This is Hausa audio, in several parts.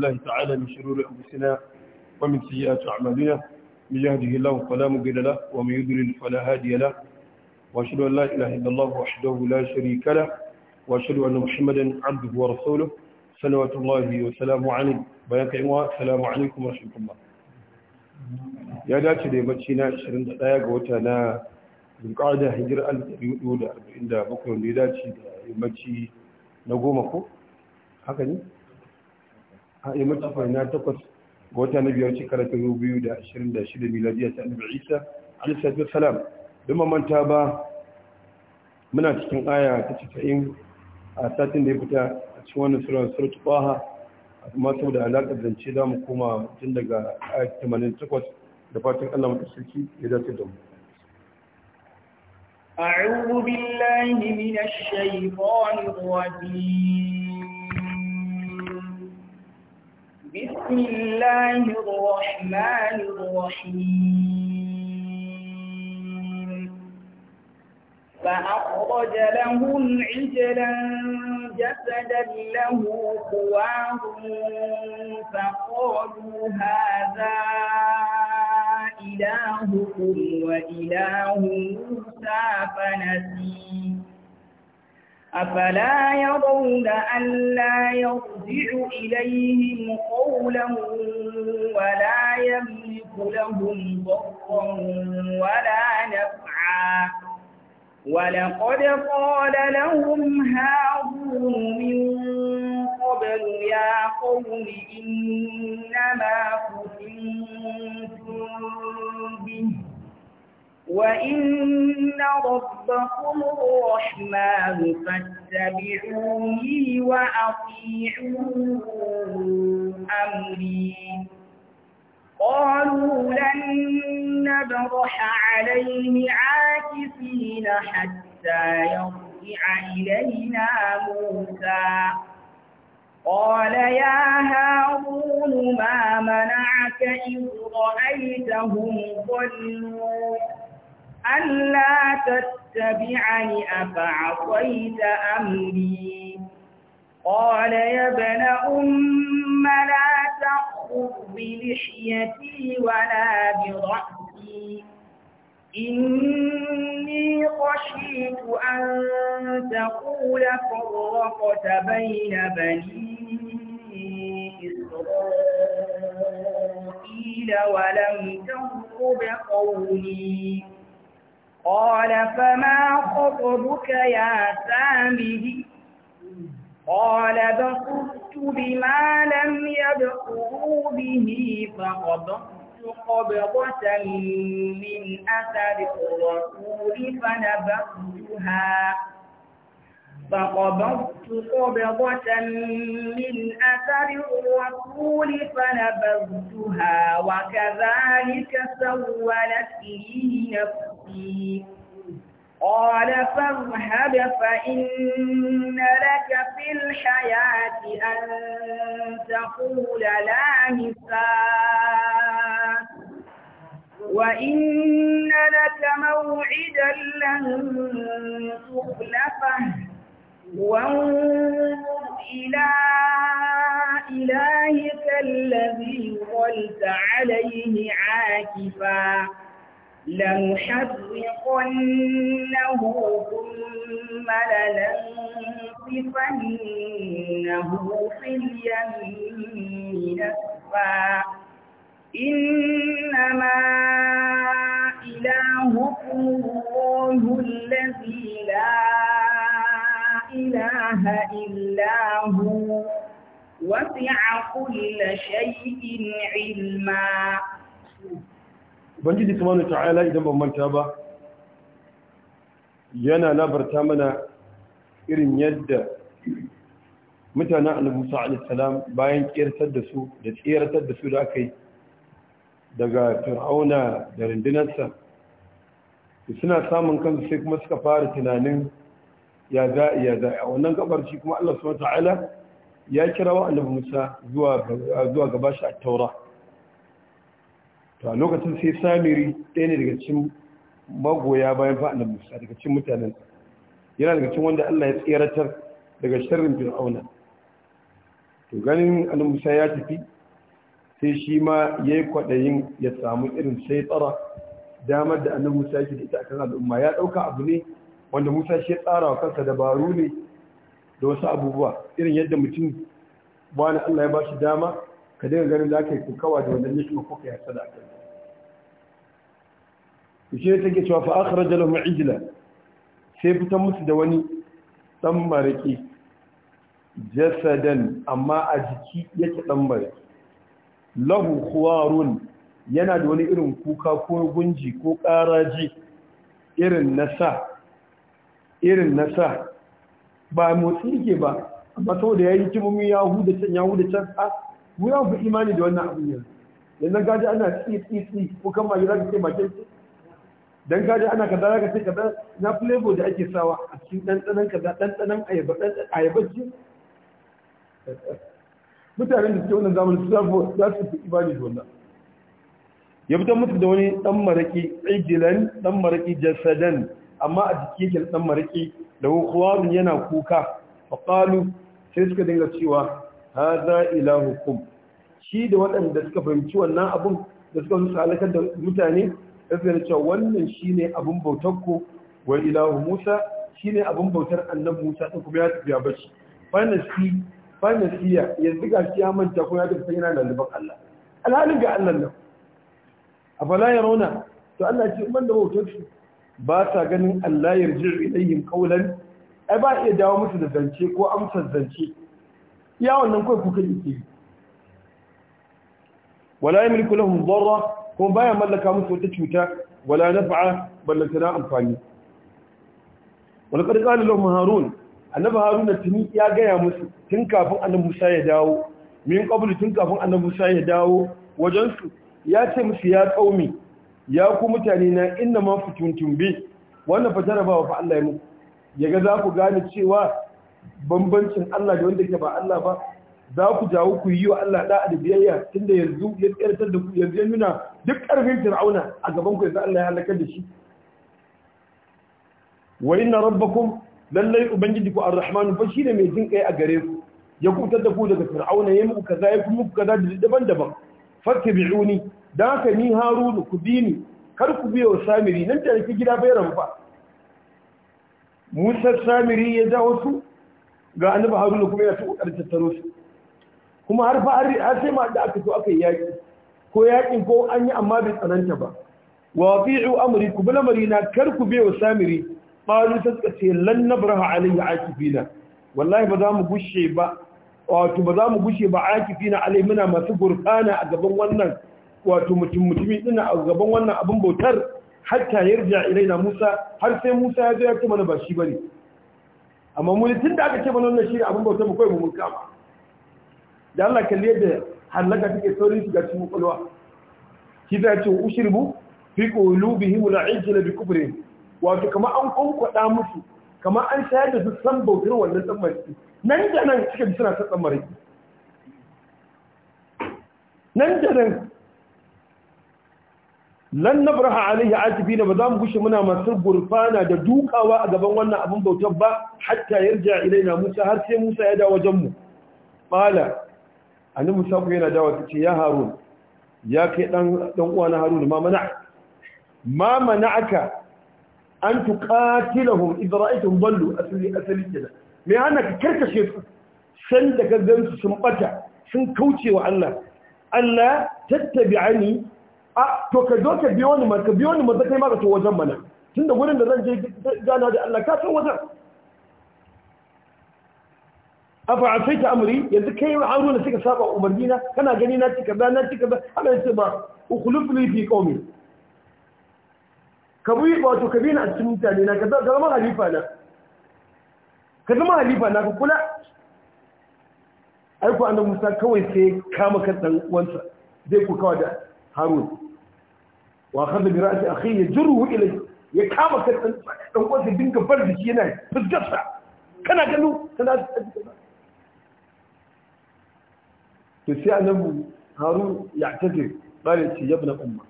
الله تعالى من شرور أنفسنا ومن سيئات أعمالنا من يهده الله فلا مضل له ومن يضلل فلا هادي له وأشهد أن لا إله إلا الله وحده لا شريك له وأشهد أن محمدا عبده ورسوله صلوات الله وسلامه عليه بياك السلام عليكم ورحمة الله ya dace da yammaci na 21 ga wata na zulƙada hijira 1447 wanda ya dace da yammaci na goma ko haka ne a yi mutafa na takwas ga wata na biyar shekara ta biyu da ashirin da shida miladiya ta annabi isa alisatu salam don mamanta ba muna cikin aya ta cikin a satin da ya fita a cikin wani suran surat baha amma saboda alaƙar zance za mu koma tun daga aya tamanin takwas da fatan allah mutasirki ya dace da mu أعوذ بالله من الشيطان الرجيم بسم الله الرحمن الرحيم فأخرج لهم عجلا جسدا له قواه فقالوا هذا إلهكم وإله موسى فنسيه أفلا يرون ألا يرجع إليهم قولا ولا يملك لهم ضرا ولا نفعا ولقد قال لهم هارون من قبل يا قوم إنما فتنتم به وإن ربكم ربكم الرحمن فاتبعوني وأطيعوا أمري قالوا لن نبرح عليه عاكفين حتى يرجع إلينا موسى قال يا هارون ما منعك إذ رأيتهم ضلوا ألا تتبعني أفعصيت أمري قال يا ابن أم لا تأخذ بلحيتي ولا برأسي إني خشيت أن تقول فرقت بين بني إسرائيل ولم تنقب قولي قال فما خطبك يا سامي قال بصرت بما لم يبصروا به فقبضت قبضة من أثر الرسول فنبذتها فقبضت قبضة من أثر الرسول فنبذتها وكذلك سولت لي نفسي قال فاذهب فإن لك في الحياة أن تقول لا مساس وإن لك موعدا لن تخلفه وانظر إلى إلهك الذي ظلت عليه عاكفاً لنحرقنه ثم لننصفنه في اليمين نسفا إنما إلهكم الله الذي لا إله إلا هو وسع كل شيء علما ubangiji subhanahu ta'ala idan ban manta ba yana labarta mana irin yadda mutanen annabi Musa alaihi salam bayan kiyartar da su da tsiyartar da su da aka yi daga fir'auna da rundunarsa suna samun kansu sai kuma suka fara tunanin ya za ya za a wannan shi kuma Allah subhanahu ya kira wa annabi Musa zuwa zuwa gaba shi a taura. to a lokacin sai samiri ɗaya ne daga cikin magoya bayan da musa daga cikin mutanen yana daga cikin wanda allah ya tseratar daga shirin fir'auna to ganin annabi musa ya tafi sai shi ma ya yi kwaɗayin ya samu irin sai tsara damar da annabi musa yake da ita a kan al'umma ya ɗauka abu ne wanda musa shi ya tsara wa kansa dabaru ne da wasu abubuwa irin yadda mutum bani allah ya ba shi dama ka daga ganin za ka yi kawai da wannan nishma kuka ka yi kai shi ne take cewa fa akhraja lahum ijila sai fitan musu da wani dan mariki jasadan amma a jiki yake dan mariki lahu khuwarun yana da wani irin kuka ko gunji ko karaji irin nasa irin nasa ba motsi yake ba amma saboda yayi kimomi ya da can ya huda can mu ya fi imani da wannan abin yanzu yanzu gaji ana tsitsi ko kan magi za ka ce makin dan gaji ana kaza za ka ce kaza na flavor da ake sawa a cikin ɗanɗanan kaza ɗanɗanan ayaba ce mutanen da suke wannan zamani su za su fi imani da wannan ya fitar musu da wani ɗan maraƙi ijilan ɗan maraƙi jasadan amma a jiki yake ɗan maraƙi da kuwarun yana kuka faƙalu sai suka dinga cewa ha za hukum. shi da waɗanda suka fahimci wannan abun da suka su halakar da mutane sai cewa wannan shine abin bautar ku wa ilahu Musa shine abin bautar annan Musa ɗin kuma ya tafiya ba shi fanasiya yanzu ga shi ya manta ko ya tafi yana laliban Allah alhalin ga Allah nan A ya rauna to Allah ce man da bautar su ba sa ganin Allah yarji ilayhim qawlan ai ba iya dawo musu da zance ko amsar zance Ya wannan kawai kuka yi wala yamliku lahum dharra kuma baya mallaka musu wata cuta wala naf'a ballantana amfani wala qad qala lahum harun annabi haruna tuni ya gaya musu tun kafin annabi musa ya dawo min qablu tun kafin annabi musa ya dawo wajen su ya ce musu ya qaumi ya ku mutane na inna ma futuntum bi wannan fa jarabawa fa Allah ya muku yaga za ku gane cewa bambancin Allah da wanda ke ba Allah ba za ku jawo ku yi wa Allah da da biyayya tunda yanzu ya tsirtar da ku yanzu ya nuna duk ƙarfin fir'auna a gaban ku yanzu Allah ya halaka da shi wa inna rabbakum lallai ubangiji ku arrahman fa shi ne mai jin kai a gare ku ya kutar da ku daga fir'auna ya muku kaza ya kuma muku kaza daban-daban fattabi'uni da haka ni harunu ku bi ni kar ku biyo samiri nan da ki gida bayaran ramfa musa samiri ya dawo su ga annabi haruna kuma ya tuka tattaro su kuma har fa har sai ma da aka so aka yi yaƙi ko yaƙin ko an yi amma bai tsananta ba wa fi'u amri ku bi lamari na kar ku wa samiri qalu ta lan nabraha alayhi akifina wallahi ba za mu gushe ba wato ba za mu gushe ba akifina alai muna masu gurkana a gaban wannan wato mutum mutumi dina a gaban wannan abin bautar hatta yarja ilaina Musa har sai Musa ya zo ya ce mana ba shi bane amma mu tun da aka ce mana wannan shi abin bautar mu kai mu mun kama da Allah kalli yadda halaka take saurin ga cikin kulwa shi da ce ushirbu fi qulubihim al'ijla bi kufri to kamar an kunkwada musu kamar an shayar da su san bautar wannan tsammaki nan da nan suka ji suna ta tsammarki nan da nan lan nabraha alaihi atibina ba za mu gushe muna masu gurfana da dukawa a gaban wannan abin bautar ba hatta yarja ilaina musa har sai musa ya da wajen mu bala annabi musa ku yana dawa ce ya harun ya kai dan dan uwa na harun ma mana ma aka an tu idh ra'aytum dallu asali asali kida me hana ka karkashe su san da ka gansu sun bata sun kauce wa Allah Allah tattabi'ani a to ka zo ka biyo ni ma ka biyo ni ma kai ma ka to wajen mana tunda gurin da zan je gana da Allah ka san wajen afa asaita amri yanzu kai haruna suka saba umarni na kana gani na cika ba na cika ba ya ce ba ukhlifni fi qaumi ka bi wato ka bi na cikin mutane na ka zama halifa na ka zama halifa na ka kula ai ku annabi Musa kawai sai kama kan dan uwansa zai ku kawa da Harun wa khadha bi ra'si akhi yajruhu ilayhi ya kama kan dan uwansa dinga bar jiki yana fuskarsa kana gani. kana to sai annabi Haru ya tafi bare ce yabna umma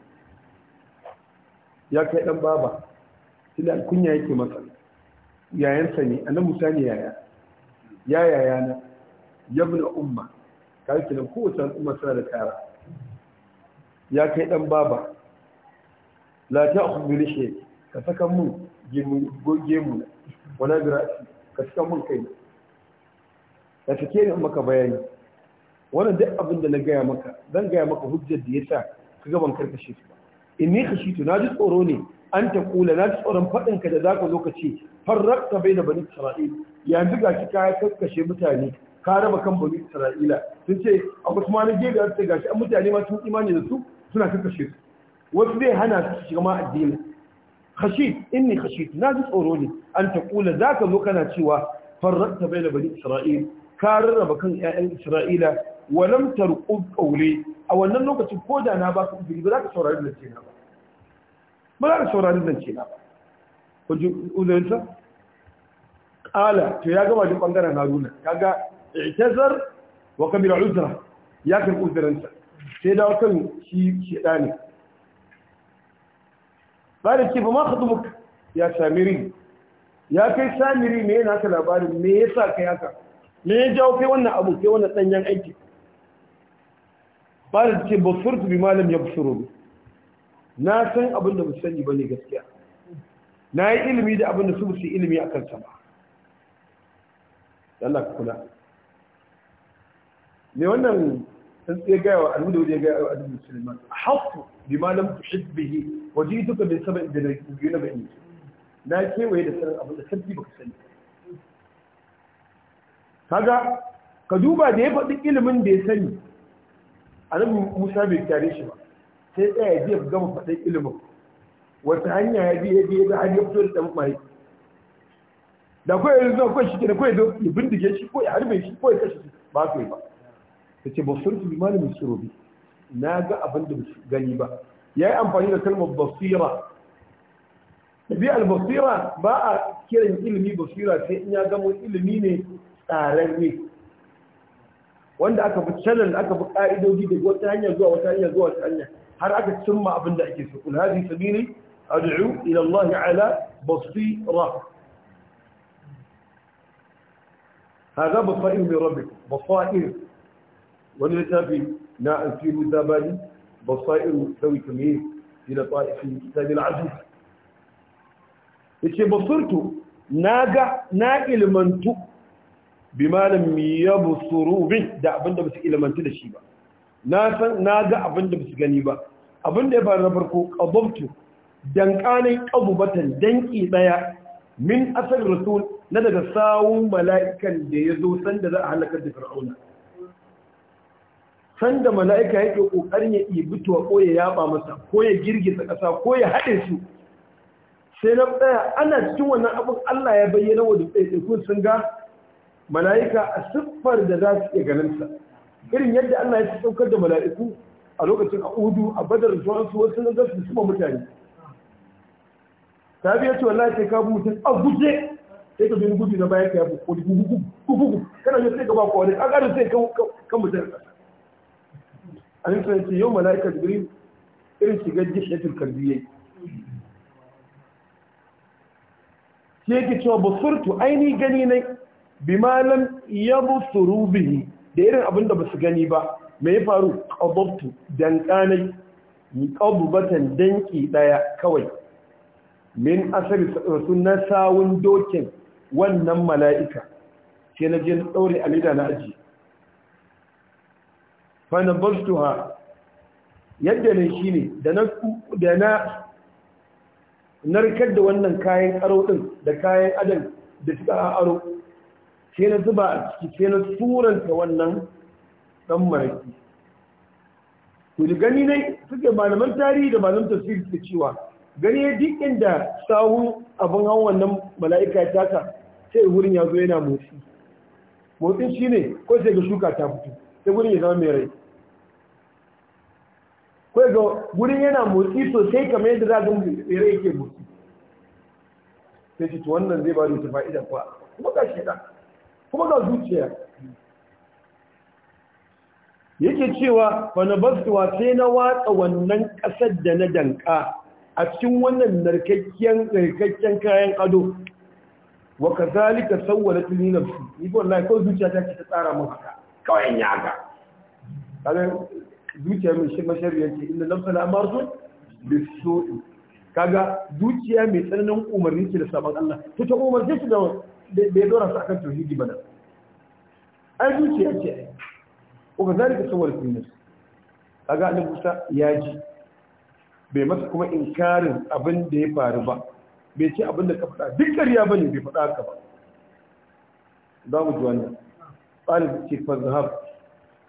ya kai dan baba tunda kunya yake masa yayansa ne annabi musa ne yaya ya yaya na yabna umma kai ko kowace al'umma tana da kara ya kai dan baba la ta'khudh bi lihi ka saka mun gemu gemu wala bi ra'si ka saka mun kai ka take ni maka bayani wannan duk abin da na gaya maka zan gaya maka hujjar da ya sa ka gaban ga ban karkashe ka inni khashitu na ji tsoro ne an ta kula na ji tsoron faɗin ka da zaka zo ka ce farraqta baina bani isra'il yanzu ga ki ka karkashe mutane ka raba kan bani isra'ila sun ce a ma na gefe da gashi an mutane ma sun imani da su suna karkashe su wasu zai hana su shiga ma addini in ni khashit na ji tsoro ne an ta kula zaka zo kana cewa bai da bani isra'il ka rarraba kan 'ya'yan isra'ila walam tarqub qawli a wannan lokacin ko da na ba ka uzuri ba za ka saurari nan ce na ba ba za ka saurari nan ce na ba ko ji uzurinsa qala to ya gama duk bangaren haruna kaga i'tazar wa kabira uzra ya kan uzurinsa sai da kan shi shedani ba da ce ba ma khutbuk ya samiri ya kai samiri me yana ka labarin me yasa kai haka me ya jawo kai wannan abu kai wannan danyen aiki ce قال bi malam ya لم bi na san abin da sani bane gaskiya na yi ilimi da abin da su su ilimi a kansa ba Allah kula me wannan sun tsaye gaya wa alhudu wajen gaya wa alhuda musulman haku bi malam lam tuhid bihi waje duka min saba da na bani na kewaye da sanin abin da ba ka sani kaga ka duba da ya faɗi ilimin da ya sani annabi musa bai tare shi ba sai tsaya ya gama faɗin ilimin wata hanya ya biye biye da hanyar fito da ɗan mai da kawai yanzu zuwa kawai shi ne kawai zo ya bindige shi ko ya harbe shi ko ya kashe shi ba su yi ba ta ce basurtu bi malamin surobi na ga abin da gani ba ya yi amfani da kalmar basira tabi basira ba a kiran ilimi basira sai in ya gamo ilimi ne tsararre wanda aka bi channel aka fi ka'idodi da wata hanya zuwa wata hanya zuwa wata hanya har aka cimma abin da ake so kul hadi sabili ad'u ila Allah ala basira هذا بصائر من ربك بصائر وللتابي لا أنسير الزباني بصائر ذوي تمييز في لطائف الكتاب العزيز yace basurtu naga na ilmantu bima lam yabsuru bi da abinda ba su ilmanta da shi ba na san na ga abinda ba su gani ba abinda ya faru na farko qadabtu dankanin dan ki daya min asal rasul na daga sawun mala'ikan da yazo sanda za a halakar da fir'auna sanda mala'ika yake kokarin ya ibi to ko ya yaba masa ko ya girgiza kasa ko ya hade su sai na tsaya ana cikin wannan abin Allah ya bayyana wa dukkan sun ga mala'ika a siffar da za su iya ganinsa irin yadda Allah ya saukar da mala'iku a lokacin udu a badar su wasu na su suma mutane ta biya ce wallahi sai ka bu mutum a guje sai ka bin gudu na baya ka yafi ko gugu gugu kana yi sai ka ba kowane a ƙarin sai ka mutum a yin sai ce yau mala'ika jibril irin shigar jishatul ta sai yake cewa basurtu aini gani ne. bima lam yabsuru bihi da irin abin da basu gani ba me ya faru qadabtu dan kanai ni qadbatan danki daya kawai min asari sunna sawun dokin wannan mala'ika sai na je daure alida na aji fa nabastuha yadda ne shine da na da na narkar da wannan kayan aro din da kayan adan da suka aro sai na zuba a ciki sai na turanta wannan ɗan maraki ku ji gani ne suke malaman tarihi da malaman tafsiri da cewa gani ya duk inda sahun abin hau wannan mala'ika ya taka sai wurin ya zo yana motsi motsin shi ne ko sai ga shuka ta fito sai wurin ya zama mai rai ko ga wurin yana motsi sosai kamar yadda za ga mai rai ke motsi sai ce wannan zai ba da wata fa'ida kuwa kuma ga shi kuma ga zuciya yake cewa wani basuwa sai na watsa wannan kasar da na danka a cikin wannan narkakken narkakken kayan ado wa ka kazalika na tuni su ni wallahi ko zuciya ta ce ta tsara mun haka kawai ya ga kaga zuciya mai shi mashariya ce inna nafsa la da su kaga zuciya mai tsananin umarni ke da sabon Allah to ta umarce shi da bai dora su akan tauhidi ba nan ai zuciya ce ai ko ga zalika sawar kunus kaga annabi Musa ya ji bai masa kuma inkarin abin da ya faru ba bai ce abin da ka faɗa duk ƙarya bane bai faɗa ka ba za mu ji wannan ɗalib ce fazhab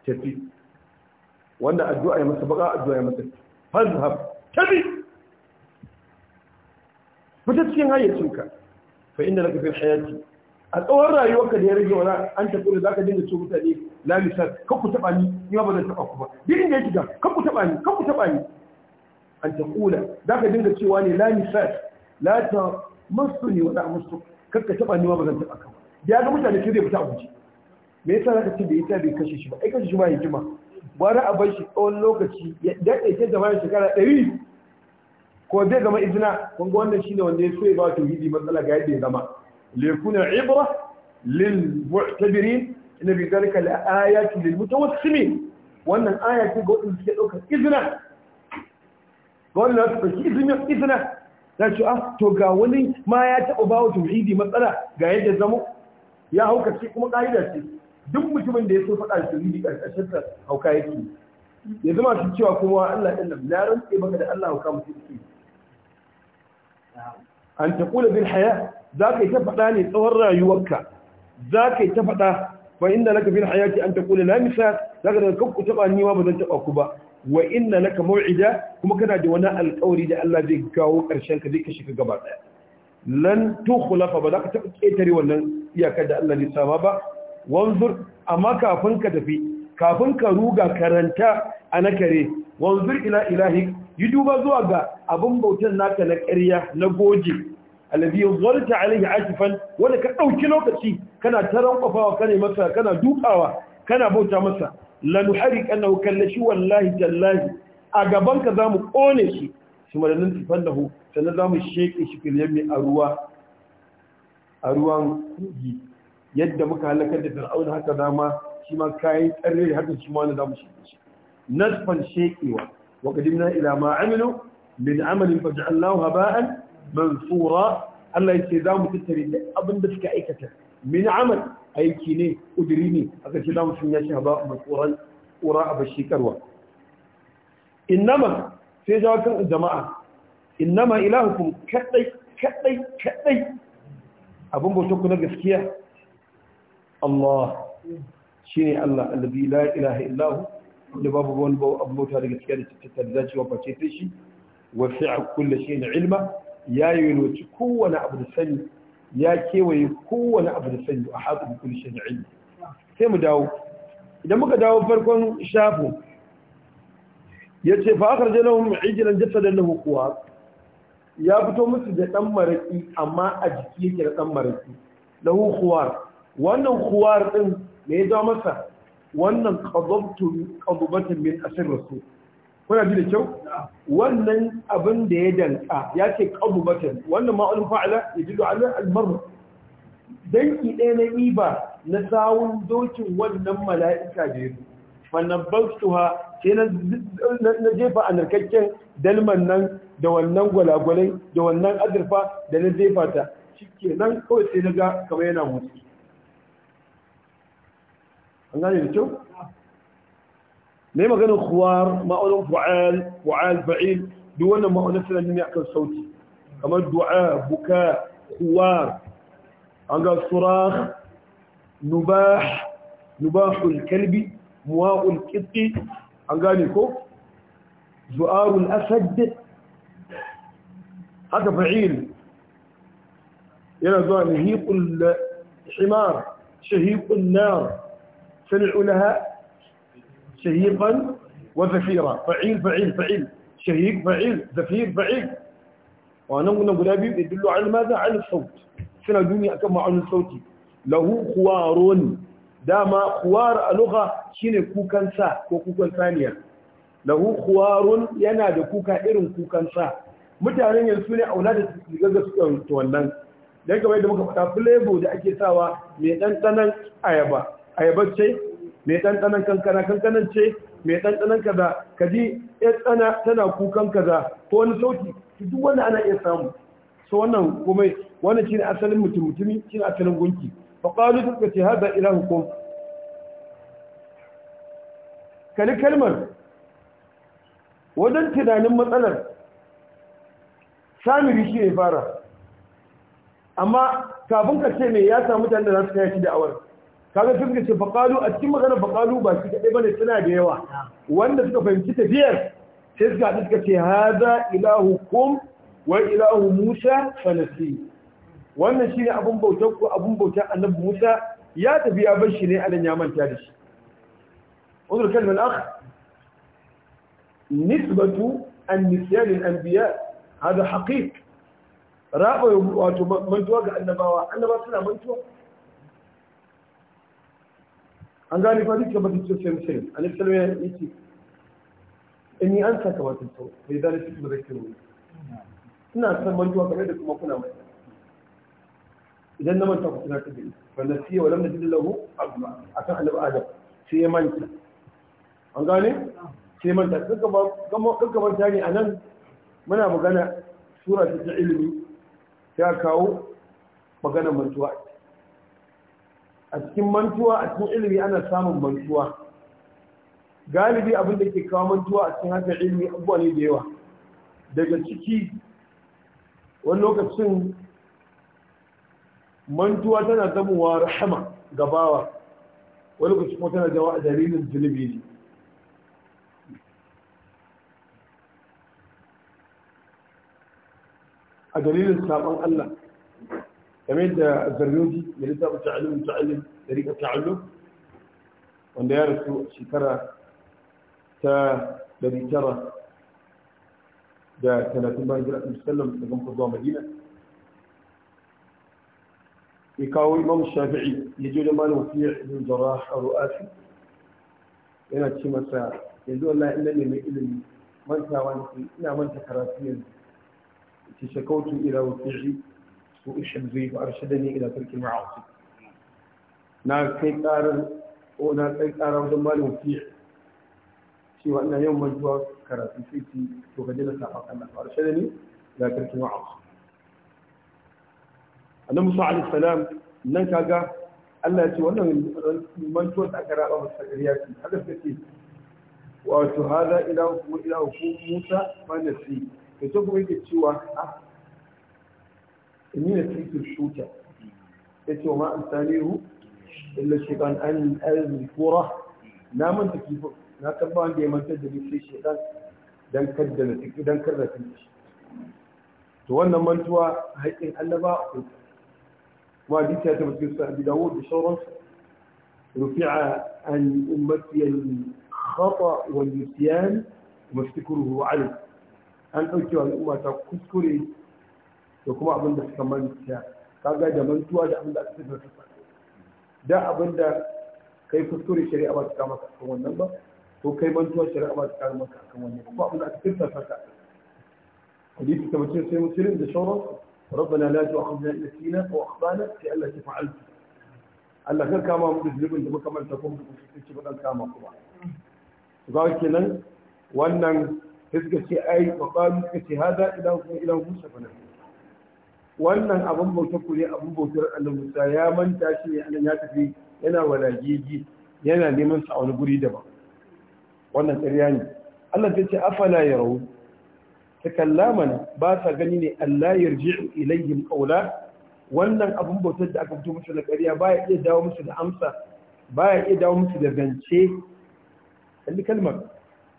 tafi wanda addu'a ya masa baka addu'a ya masa fazhab tafi fita cikin hayyacinka fa inda laka fi hayati a tsawon rayuwarka da ya rage wa an tafi da zaka dinga ce mutane la misal ka ku taba ni ni ba zan taba ku ba duk da yake ga ka ku taba ni ka ku taba ni an ta kula zaka dinga cewa ne la misal la ta masuni wa da musu kakka taba ni ba zan taba ka ba da ya ga mutane ke zai fita a abuje me yasa zaka ce da yasa bai kashe shi ba ai kashe shi ba hikima gwara a bar shi tsawon lokaci ya dade ta bayan shekara 100 ko zai zama izina kun ga wannan shine wanda ya so ya ba tauhidi matsala ga yadda ya zama ليكون عبرة للمعتبرين إن في ذلك لآيات للمتوسمين وأن الآية تقول إذنه قال لا تبكي إذنه إذنه za su a to ga wani ma ya taɓa bawa wa tauhidi matsala ga yadda zamo ya hauka ce kuma ƙa'ida duk mutumin da ya so faɗa da tauhidi ƙarƙashin ta hauka yake ya zama su cewa kuma Allah nan na da Allah an bil haya za ka yi ta faɗa ne tsawon rayuwarka za ka yi ta faɗa fa inda laka fil hayati an ta la misa za ka daga kanku taba ni ma ba zan taba ku ba wa inna laka maw'ida kuma kana da wani alƙawari da Allah zai kawo ƙarshen ka zai kashe ka gaba ɗaya lan tukhlafa ba za ka taɓa ƙetare wannan iyakar da Allah zai sama ba wanzur amma kafin ka tafi kafin ka ruga karanta a na kare wanzur ila ilahi yi duba zuwa ga abin bautan naka na ƙarya na goje alladhi yadhalta alayhi akifan wanda ka dauki lokaci kana taron tarankafawa kane masa kana dukawa kana bauta masa lanuhariqannahu kallashi wallahi tallahi a gaban ka zamu kone shi kuma da nan tifannahu sannan zamu sheke shi fil yammi a ruwa a ruwan kogi yadda muka halakar da fir'aun haka dama shi ma kayan tsarri haka shi ma wanda zamu sheke shi nasfan shekewa wa qadimna ila ma amilu min amalin faj'alnahu haba'an mansura Allah ya ce za mu tattare da abin da suka aikata min amal aiki ne udiri ne a ƙarshe za mu sun yashi haba matsoran ƙura a bashi karwa innama sai jawo kan jama'a innama ilahukum kadai kadai kadai abin bautar ku na gaskiya Allah shine Allah alladhi la ilaha illa hu wanda babu wani abu bauta da gaskiya da tattare da dacewa face ta shi wasi'a kulli shay'in ilma ya yalwaci kowane abu da sani ya kewaye kowane abu da sani a hatsu da kulle sai mu dawo idan muka dawo farkon shafo ya ce fa akar jana hun ijiran jasadar na hukuwa ya fito musu da ɗan maraƙi amma a jiki yake da ɗan maraƙi na hukuwa wannan kuwar ɗin me ya zama masa wannan ƙazubatan min asir rasu kuna ji da kyau wannan abin da ya danka ya ce qabu batan wannan ma'alun fa'ala yadullu ala al-marr ki ɗaya na iba na sawun dokin wannan mala'ika da yazo fannabbatuha sai na na jefa a narkakken dalman nan da wannan gwalagwalai da wannan azurfa da na jefa ta nan kawai sai na ga kamar yana motsi an gane da kyau ليه ما قالوا خوار ما قالوا فعال فعال فعيل دون ما نفس الجميع كان صوتي كما الدعاء بكاء خوار عن صراخ نباح نباح الكلب مواء القط عن قال زؤار الأسد هذا فعيل يلا زؤار نهيق الحمار شهيق النار سنع لها شهيقا وزفيرا فعيل فعيل فعيل شهيق فعيل زفير فعيل وانا نقول ابي يدل على ماذا على الصوت سنة الدنيا كما عن الصوت له خوار داما خوار اللغة شين كوكان سا كوكان ثانية له خوار ينادى كوكا إرن كوكان سا mutanen yanzu ne aulada su shiga ga su wannan dan kamar yadda muka faɗa flavor da ake sawa mai ɗanɗanan ayaba ayaba ce mai ɗanɗanan kankana kankanan ce mai ɗanɗanan kaza ka ji ɗana eh, tana kukan kaza ko wani sauti duk wanda ana iya samu so wannan kuma wannan shine asalin mutum mutumi shine asalin gunki fa qalu suka ce hada ilahukum kali kalmar wajen tunanin matsalar samiri shi ne fara amma kafin ka ce mai ya samu tanda da za su kai shi da awar kaga sun ce faƙalu a cikin magana faƙalu ba su kaɗai bane suna da yawa wanda suka fahimci tafiyar sai suka haɗu suka ce haza ilahu kum wa ilahu musa fanasi wannan shine abun bautar ku abun bautar annabi musa ya tafi ya bar shi ne adan ya manta da shi uzur kalman akh nisbatu an nisyan al anbiya hada haqiq raba wato mantuwa ga annabawa annabawa suna mantuwa an gane ba duka batun cikin sai musulmi a nufin salama ya ce in an saka batun to bai zane cikin zaki ne ina san mantuwa kamar da kuma kuna mai idan na manta ku tana ta bi fa nasiya wa lam najid lahu azma akan annabi adam sai ya manta an gane sai manta duka ba duka manta ne anan muna magana sura ta ilimi ta kawo maganar mantuwa a cikin mantuwa a cikin ilimi ana samun mantuwa galibi abin da ke kawo mantuwa a cikin haka ilimi abuwa ne da yawa daga ciki wani lokacin mantuwa tana zamowa rahama gabawa wani lokacin kuma tana jawa a dalilin zunubi ne a dalilin sabon Allah تميد الزريودي يريد أن تعلم وتعلم طريقة تعلم وأنه يرسو شكرا تا الذي ترى دا كان ثم يجرى أن يسلم لكم قضوة مدينة يكاو الإمام الشافعي يجول ما نوفيع ابن الجراح أو رؤاسي هنا تشيما سا يقول لا إلا لم يقلم من تاواني في إنا من تكراتين تشكوت إلى وفيعي وإشهدني وأرشدني إلى ترك المعاصي ناكيتار ونا كيتار عبد الله وفيه سوى أن يوم مجوا كرات فيتي وغدنا سافق الله وأرشدني إلى ترك المعاصي أنا موسى عليه السلام نكاجا الله سوى أن من جوا تكرا الله السكريات هذا كثير وأتو هذا إلى إلى موسى ما نسي فتوقف يجي سوى immunity shuta ya ce wa ma an salihu illa shekan an arzin fura na manta kifin na tabbawa da ya mantar da bisai shekan don kadda na ciki don karda shi to wannan mantuwa haƙƙin annaba a kuka kuma dika ta mutu sa bi dawo da sauransu rufi'a an ummati al khata wal nisyan maftikruhu alim an dauke wa al'umma ta kuskure da kuma abin da suka manta kaga da mantuwa da abin da aka tafi ta da abin da kai kuskure shari'a ba ta kama ka akan wannan ba Ko kai mantuwa shari'a ba ta kama ka akan wannan ba abin da aka tafi ta ka hadisi ta mutum sai musulun da shauran ربنا لا تؤاخذنا إن نسينا أو أخطأنا في ألا تفعلت Allah kan kama mu da zunubin da muka manta ko mu kusa ci ba kama kuma to ga kenan wannan fiska ce ai wa qalu fiska ce hada ila ila musa fa nabi wannan abin bauta ku ne abin bautar Allah Musa ya manta shi ne Allah ya tafi yana walagigi yana neman sa wani guri daban wannan ƙarya ne Allah ta ce afala ya Ta mana ba sa gani ne Allah ya yarji'u ilayhim qawla wannan abin bautar da aka fito musu da ƙarya ya iya dawo musu da amsa ba ya iya dawo musu da zance kalli kalmar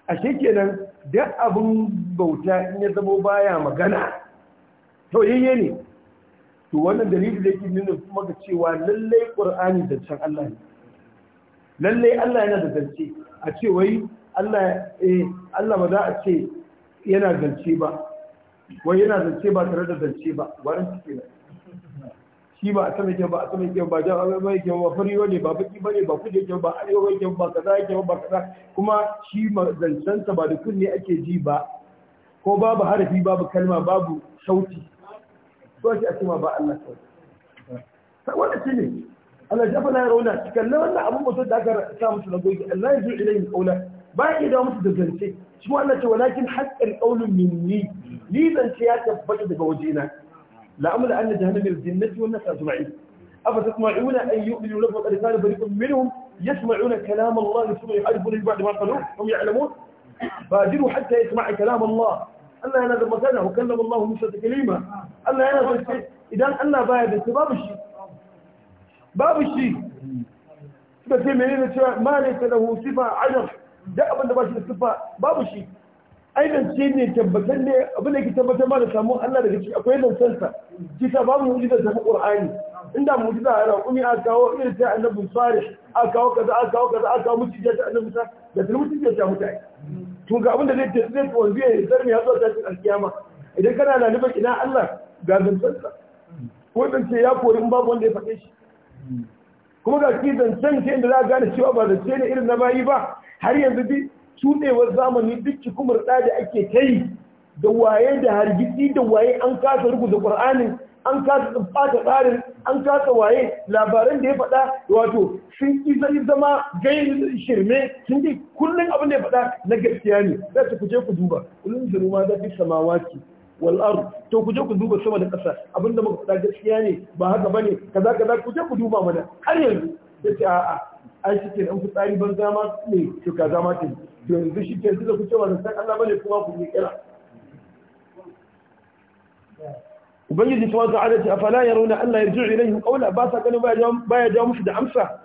ashe kenan duk abin bauta in ya zamo baya magana tauyayye ne to wannan dalili da yake nuna kuma ga cewa lallai qur'ani zancen Allah ne lallai Allah yana da zance a ce wai Allah eh Allah ba za a ce yana zance ba wai yana zance ba tare da zance ba wannan take ne shi ba a sama ke ba a sama ke ba jan ba ke ba fari wani ba baki ba ne ba kuje ke ba arewa ke ba kaza ke ba kaza kuma shi sa ba da kunne ake ji ba ko babu harafi babu kalma babu sauti توجي أتي ما بقى الله فأولا تلي أنا جافة لا يرونا تكلم أنه أبو مصد أكبر سامس لقوي لا يزوج إليه من أولا باقي إذا أمس دزنسي شمو أنا تقول ولكن حتى القول مني لي بنسي أكبر بجد بوجينا لا أمل أن جهنم الجنة والناس اجمعين أفتسمعون أن يؤمنوا لكم الأرسال فريق منهم يسمعون كلام الله يسمعون يحاربون البعض ما قالوا هم يعلمون فاجروا حتى يسمع كلام الله Allah yana da magana wa kallama Allah Musa ta kalima Allah yana da shi idan Allah baya da shi babu shi babu shi suka ce menene cewa ma ne ta lahu sifa ajab da abin da ba shi da sifa babu shi aidan ce ne tabbatar ne abin da ke tabbatar ma da samun Allah daga ciki akwai nan sansa kisa babu mu'jiza ta Qur'ani inda mu'jiza ana kumi a kawo irin ta annabi Salih a kawo kaza a kawo kaza a kawo mu'jiza ta annabi Musa da mu'jiza ta mutane tun ga abin da zai tafi zai wanzu ya zarmi ya zuwa tashin alkiyama idan kana na nufin ina Allah ga zancensa ko zance ya kori in babu wanda ya faɗe shi kuma ga shi zancen ce inda za a gane cewa ba zance ne irin na bayi ba har yanzu bi cuɗewar zamani duk cikumar da ake ta yi da waye da hargitsi da waye an kasa rubuta ƙur'ani. an kasa ta tsarin an kasa waye labaran da ya faɗa wato sun izai zama gayin shirme sun ji kullum abin da ya faɗa na gaskiya ne za su kuje ku duba kullum zuru ma za fi samawaki wal ard to kuje ku duba sama da ƙasa abin da muka faɗa gaskiya ne ba haka ba ne. kaza kaza kuje ku duba mana har yanzu da ce a'a an shi ke an tsari ban zama ne to kaza ma ta to yanzu shi ke da kuce ba san Allah bane kuma ku yi kira ubangiji tuwa a ce afala yarawna Allah ya yarji'u ilayhim qawla ba sa ganin baya jawo musu da amsa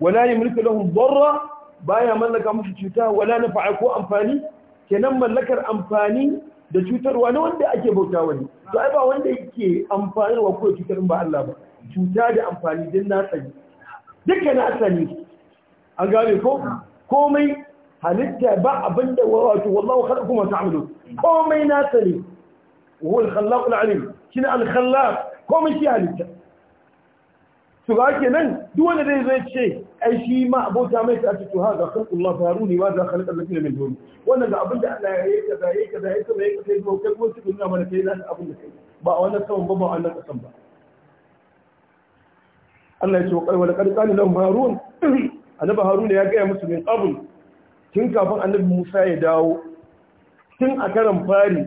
wala yamliku lahum darra baya mallaka musu cuta wala nafa'a ko amfani Ke nan mallakar amfani da cutarwa na wanda ake bauta wani to ai ba wanda yake wa ko cutar ba Allah ba cuta da amfani din na tsani. duka na sani an gane ko komai halitta ba abinda wato wallahu khalaqakum wa ta'malun komai na tsani. وهو الخلاق العليم شنو الخلاق komai shi halitta su ga ake nan duwanda zai zai ce ai shi ma abota mai ta ce to ha ga khalqullah faruni ma za khalaqa lakin min dun wannan ga abinda Allah ya yi kaza yayi kaza yayi kaza yayi kaza yayi kaza kuma su kunna mana kai zaka abinda kai ba a wannan saman ba ba wannan kasan ba Allah ya ce annabi ya musu min tun kafin annabi Musa ya dawo tun a karan fari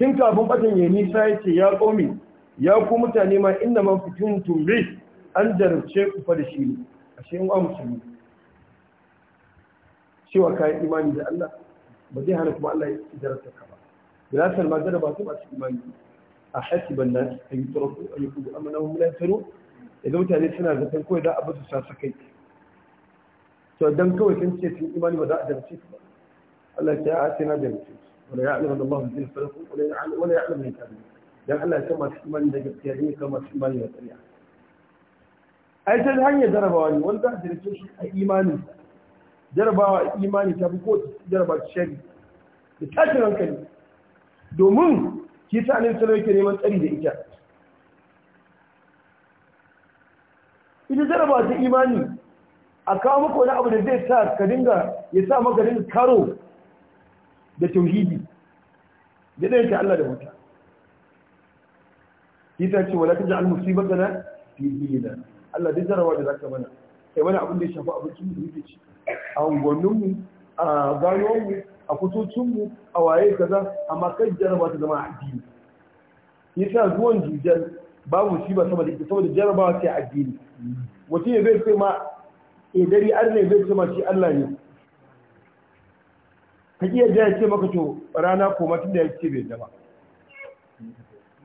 tun kafin batan ya nisa ya ce ya ƙomi ya ku mutane ma inda man fitin tumbe an jarabce ku fa da shi ne a shi yanwa musulmi cewa kayan imani da Allah ba zai hana kuma Allah ya ci jarabta ka ba bilasar ma ba su ba masu imani a hasiban nas a yi turaku a yi kudu amana wa mulantaro idan mutane suna zaton kawai da abu su sa kai. to dan kawai sun ce sun imani ba za a jarabce ku ba Allah ya ce a sai na jarabce ku ولا يعلم da الذين صدقوا ولا يعلم ya يعلم من كذب dan Allah ya kama masu imani da gaskiya ne kama masu imani da ƙarya ai ta hanyar jarabawa ne wanda za a jirage shi a imani jarabawa imani ta fi ko jaraba shari da tashin hankali domin shi ta ne sanar yake neman tsari da ita ita jaraba ta imani a kawo maka wani abu da zai sa ka dinga ya sa maka dinga karo da tauhidi da ɗaya ta Allah da wata kita ce wala kaji al-musibar da fi dinina Allah dai zarawa da zaka mana kai wani abin da ya shafi abincin da yake ci a unguwanninmu a ganuwanmu a kutocinmu a waye kaza amma kai jaraba ta zama addini yasa zuwan jujjal babu ba sama da ita saboda jarabawa sai addini mutum ya bai sai ma idari eh, an ya bai sai ma shi Allah ne ka da ya ce maka to rana koma tun da ya ce bai dama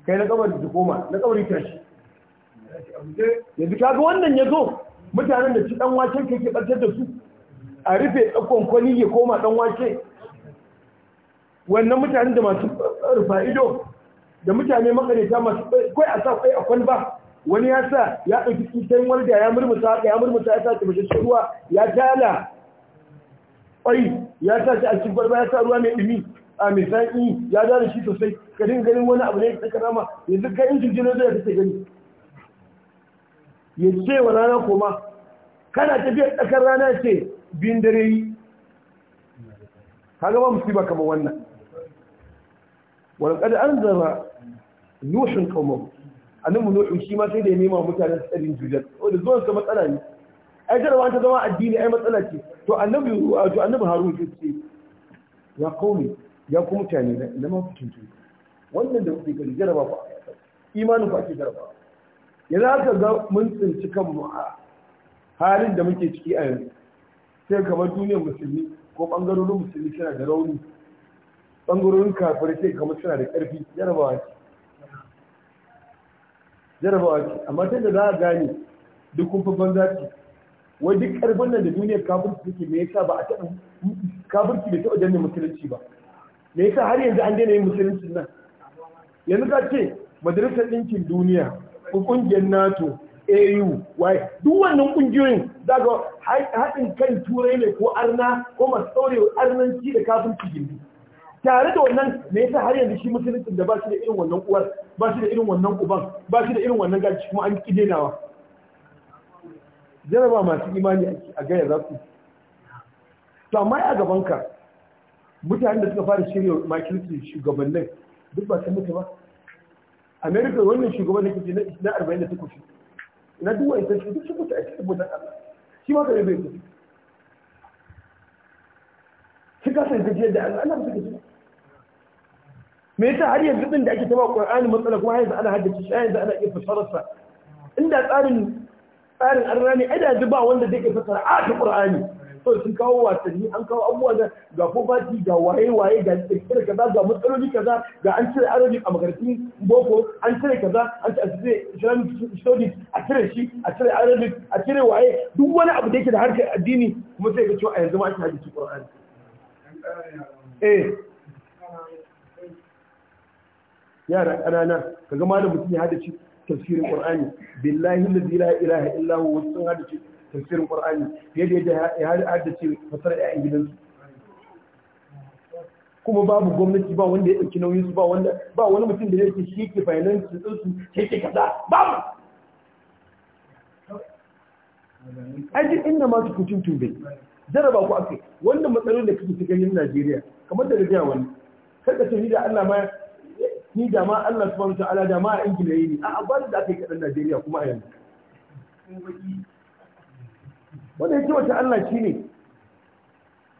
kai na kabari da koma na kabari ita shi yanzu kaga wannan ya zo mutanen da ci dan wake kai ke ɓartar da su a rufe ɗaukon kwani ya koma dan wake wannan mutanen da masu rufa ido da mutane makarita masu kai a sa kai a kwan ba wani ya sa ya ɗauki tsutan wani da ya murmusa ya murmusa ya sa ta bashe ruwa ya tala ƙwai ya ta ce a cikin barba ya sa ruwa mai ɗumi a mai sanyi ya da shi sosai ka dinga ganin wani abu ne ta karama yanzu kai in jirgin zai kake gani ya ce wa rana koma kana tafiyar tsakar rana ce biyun dare yi Ka musu ba kama wannan wani kada an zara nushin nan mu nushin shi ma sai da ya nema mutanen tsarin jujjar wanda zuwan sa matsala ne ai jarabawa ta zama addini ai matsala ce to annabi to annabi harun ya ce ya kauni ya ku mutane na ma ku ji wannan da kuke gari jaraba ku imanin ku ake jaraba yanzu haka ga mun tsinci kanmu a halin da muke ciki a yanzu sai kamar duniyar musulmi ko bangarorin musulmi suna da rauni bangarorin kafir sai kamar suna da karfi jarabawa ce jarabawa ce amma ta da za a gane duk kun fi banza ce wai duk karfin nan da duniyar kafirci take me yasa ba a taɓa kafirci bai taɓa danne musulunci ba me yasa har yanzu an daina yin musulunci nan yanzu ka ce majalisar ɗinkin duniya ƙungiyar nato au wai duk wannan ƙungiyoyin za ga haɗin kan turai ne ko arna ko masu ɗaurewa arnanci da kafirci gindi tare da wannan me yasa har yanzu shi musulunci da ba shi da irin wannan uwar ba shi da irin wannan uban ba shi da irin wannan gaci kuma an ƙi denawa jaraba masu imani a gaya za su to amma a gabanka mutane da suka fara shirya makilci shugabannin duk ba su mutu ba america wannan shugaban da kake na arba'in da suka na duk wani sun duk sun a cikin mutan allah shi ma kare bai kusa shi kasa san gajiyar da allah allah ba ji gaji me yasa har yanzu din da ake taba qur'ani matsala kuma yanzu ana haddace shi yanzu ana iya fasararsa inda tsarin tsarin arna ne ai ba wanda zai iya fassara a ta ƙur'ani. So sun kawo wasanni an kawo abubuwa da ga fofati ga waye waye ga tsirkira kaza ga matsaloli kaza ga an cire arabic a makarantun boko an cire kaza an cire islamic studies a cire shi a cire arabic a cire waye duk wani abu da yake da harkar addini kuma sai ga cewa a yanzu ma ake hadisi qur'ani eh yara ƙanana kaga malamin mutum ya hada shi tafsirin qur'ani billahi alladhi la ilaha illa huwa sun hadace tafsirin qur'ani yadda ya hadace fasara ƴaƴan gidansu kuma babu gwamnati ba wanda ya ɗauki nauyinsu ba wanda ba wani mutum da yake shi ke finance su shi ke kaza babu ajin inda masu kucin tumbe jaraba ku akai wannan matsalolin da kake cikin yin Najeriya kamar da rijiya wani kada ta da Allah ma ni da ma Allah subhanahu wa ta'ala da ma a ingila yi ni a abin da aka yi kaɗan Najeriya kuma a yanzu wanda yake wata Allah shi ne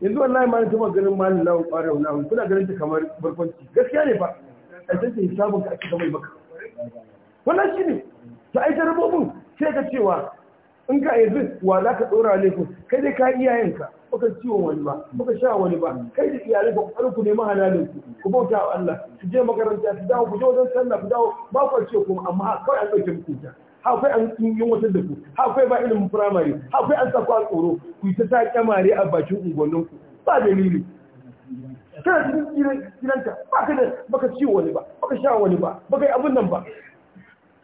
yanzu wallahi ma ta maganin malin lawan ƙwarar wani kuna ganin ta kamar barkwanci gaskiya ne ba a san hisabun ka ake kamar maka. wannan shi ne ta aita rabobin sai ka cewa in ka yi wa za ka ɗora laifin kai dai ka iyayenka baka ciwon wani ba baka sha wani ba kai da iyalai ba ku ku nemi halalin ku ku bauta wa Allah ku je makaranta ku dawo ku je wajen sallah ku dawo ba ku ce ku amma kawai an ɗauke muku ta ha kai an yin wata da ku ha kai ba ilimin firamare ha kai an sako a tsoro ku ta ta kyamare a bakin unguwannin ku ba dalili kana cikin gidanka ba ka da baka ciwo wani ba baka sha wani ba baka yi abin nan ba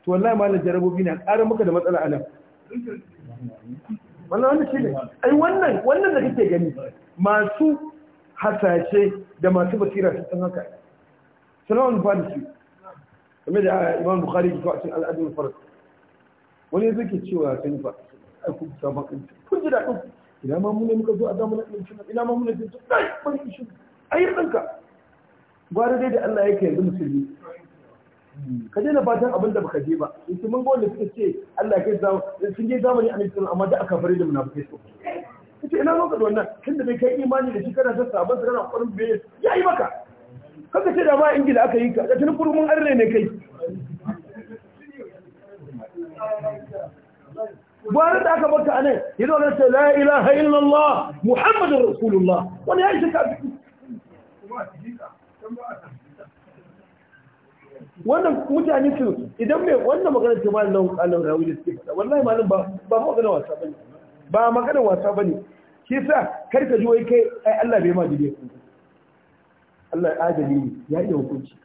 to wallahi malam jarabobi na ƙara maka da matsala a nan wannan wannan shi ne ai wannan wannan da kake gani masu hasashe da masu basira su san haka sana'un fadisi game da ah, imam bukhari ke kawo cikin al'adun faras wani ya zake cewa sun fa ai ku sabon kan kun ji daɗin ina ma mun muka zo a na ɗin shi ina ma mun ne sun ai bari shi ai ranka gwara dai da Allah yake yanzu musulmi ka daina fatan abin da baka je ba in ci mun gwanda suka ce Allah ya kai sun je zamani a nan amma da aka bari da munafikai su kace ina zo ka da wannan tun da bai kai imani da shi kana ta sabon sa kana kwarin bai ya yi maka kaga ce da ba ingila aka yi ka da tun kurumin arne ne kai gwara da aka baka anan yanzu wani ce la ilaha illallah Muhammadu rasulullah wani ya isa ka wannan mutane su idan mai wannan magana ce malam nan kalan rawi da suke fada, wallahi malam ba ba magana wasa bane ba magana wasa bane shi sa kar ka ji wai kai ai Allah bai ma dide ku Allah ajali ne ya yi hukunci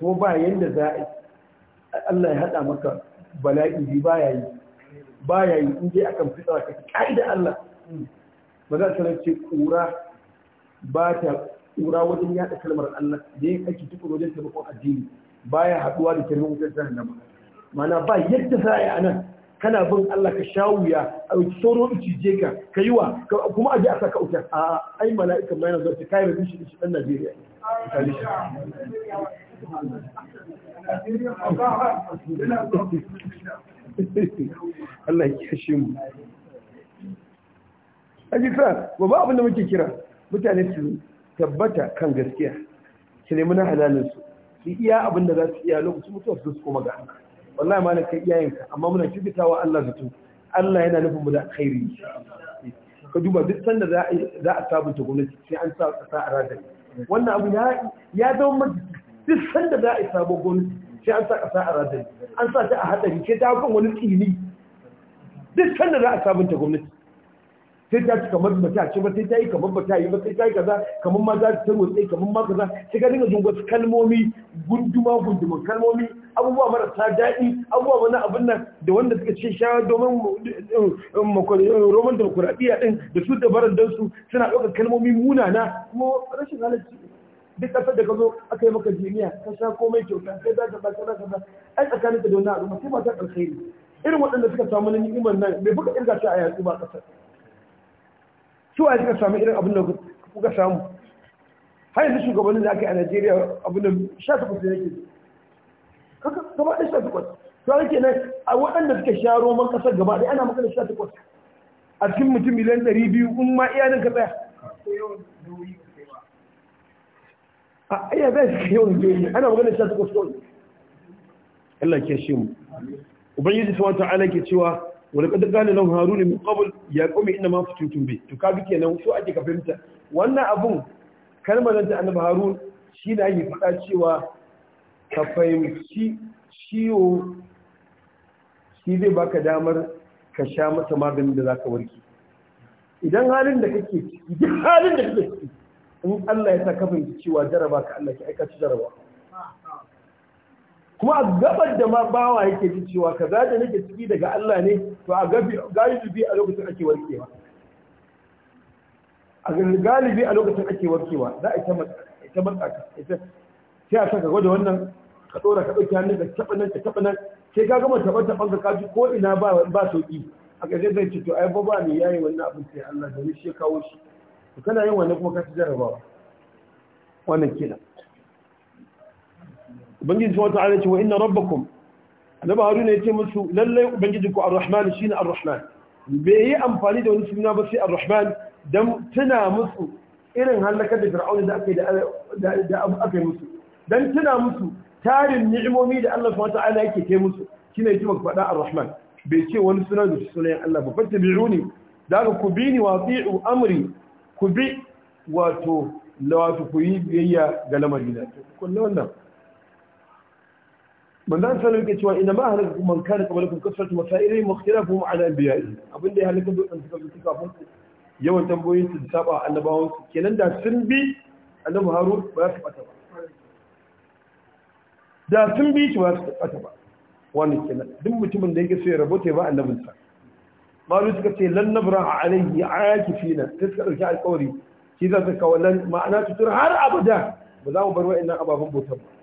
ko ba yanda za a Allah ya hada maka bala'i bi ba yi ba yi in dai akan fitsa ka kaida Allah ba za ta ce kura ba ta kura wajen yada kalmar Allah da yin aiki tukuru wajen ko addini baya haduwa da kirmin wutar ba mana ba yadda za a yi anan kana bin Allah ka sha wuya a wuce sauro cije ka ka yi wa kuma aje a saka wuta a ai mala'ikan mai nazar ta kai rabin shi da shi dan Najeriya Allah ya kashe mu aji sa ba ba abin da muke kira mutane su tabbata kan gaskiya su nemi na halalinsu su iya abin da za su iya lokacin mutuwa su koma ga Allah wallahi malam kai iyayenka amma muna kibitawa Allah zato Allah yana nufin mu da alkhairi ka duba duk sanda za a sabunta gwamnati sai an sa kasa a ranar wannan abu ya zama mu duk sanda za a yi sabon gwamnati sai an sa kasa a ranar an sa ta a hadari sai ta kan wani tsini duk sanda za a sabunta gwamnati sai ta ci kamar ba ta ci ba sai ta yi kamar ba ta yi ba sai ta yi kaza kamar ma za ta tarwa tsaye kamar ma kaza sai ka dinga jin kalmomi gunduma gunduma kalmomi abubuwa marasa daɗi abubuwa wani abin nan da wanda suka ce shawa domin um, um, um, roman demokuraɗiyya ɗin da su dabarar don su suna ɗaukar kalmomi munana kuma rashin halarci duk ƙasar da ka zo aka yi maka jiniya ka sha komai kyauta sai za ka ba ka ba ai tsakanin da wani al'umma sai ba ta ne irin waɗanda suka samu ni'imar nan bai fuka irga ta a yanzu ba ƙasar su a suka sami irin abin da kuka samu har yanzu shugabannin da aka yi a najeriya abin da sha takwas da yake gaba ɗaya sha takwas to ake nan a waɗanda suka sha roman ƙasar gaba ɗaya ana magana sha takwas a cikin mutum miliyan ɗari biyu in ma iya nan ka tsaya a iya zai suka yawan jiri ana magana sha takwas kawai Allah ke shi mu ubangiji Sama ta'ala ke cewa wani kadar gane nan haruna min qabl ya qawmi inna ma fututun bi to kenan so ake ka fahimta wannan abun kalmar da annabi harun shi ne ake faɗa cewa ka fahimci ciwo shi zai baka damar ka sha masa maganin da zaka warke idan halin da kake ciki halin da kake ciki in Allah ya sa ka fahimci cewa jaraba ka Allah ya aika ci jaraba kuma a gabar da ma bawa yake ji cewa za da nake ciki daga Allah ne to a gabi galibi a lokacin ake warkewa a galibi a lokacin ake warkewa za a ita ita matsaka ita sai a saka gwada wannan ka tsora ka dauki hannun ka taba nan ka taba nan sai ka gama taba taban ka kaji ko ina ba ba sauki a ƙarshe zai ce to ai ba ne yayi wannan abin sai Allah da shi ya kawo shi to kana yin wannan kuma ka ci jarabawa wannan kenan ubangiji subhanahu wataala yace wa inna rabbakum annabi haruna yace musu lallai ubangiji ku ar-rahman shine ar-rahman bai yi amfani da wani suna ba sai ar-rahman dan tuna musu irin halakar da fir'auna da aka yi da aka yi musu dan tuna musu tarin ni'imomi da Allah subhanahu wataala yake kai musu shine yace maka faɗa ar-rahman bai ce wani suna da sunayen Allah ba fattabi'uni daga ku bi ni wasi'u amri ku bi wato wato ku yi biyayya ga lamarina kullu wannan من ذا فعل يكتوى إنما أهلكم من كان قبلكم كثرة مسائلهم واختلافهم على أنبيائهم أبن دي أهلكم أن تكافون yawan tambayoyin su saba annabawan su kenan da sun bi annabi harun ba su bata ba da sun bi shi ba ba wannan kenan duk mutumin da yake so ya rabota ba annabin sa malu suka ce lan nabra alayhi aakifina sai suka dauki alƙawari shi za su kawo ma'ana tutur har abada ba za mu bar wa'annan ababen bautar ba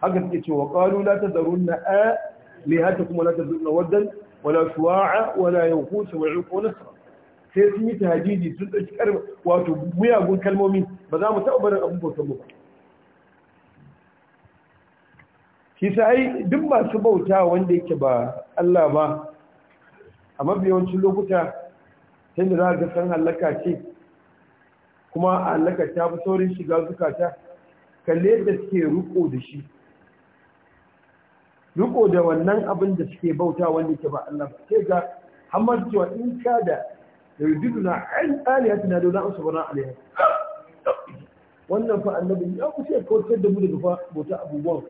haka suke cewa qalu la tadrunna a kuma la tadrunna waddan wala shuwa'a wala yanqus wa yuqu nasra sai sun yi tahajiji sun ɗauki karba wato muyagun kalmomi ba za mu taɓa barin abubuwan bautar ba shi sai duk masu bauta wanda yake ba Allah ba a mabiyawancin lokuta sai da za ga san halaka ce kuma halaka ta fi saurin shiga zukata kalle yadda suke riko da shi riko da wannan abin da suke bauta wanda ke ba Allah ba sai ga hamar cewa in ka da yurduna an alihatina dole an sabana alaiha wannan fa annabi ya kusa ya kautar da mu daga fa bauta abubuwan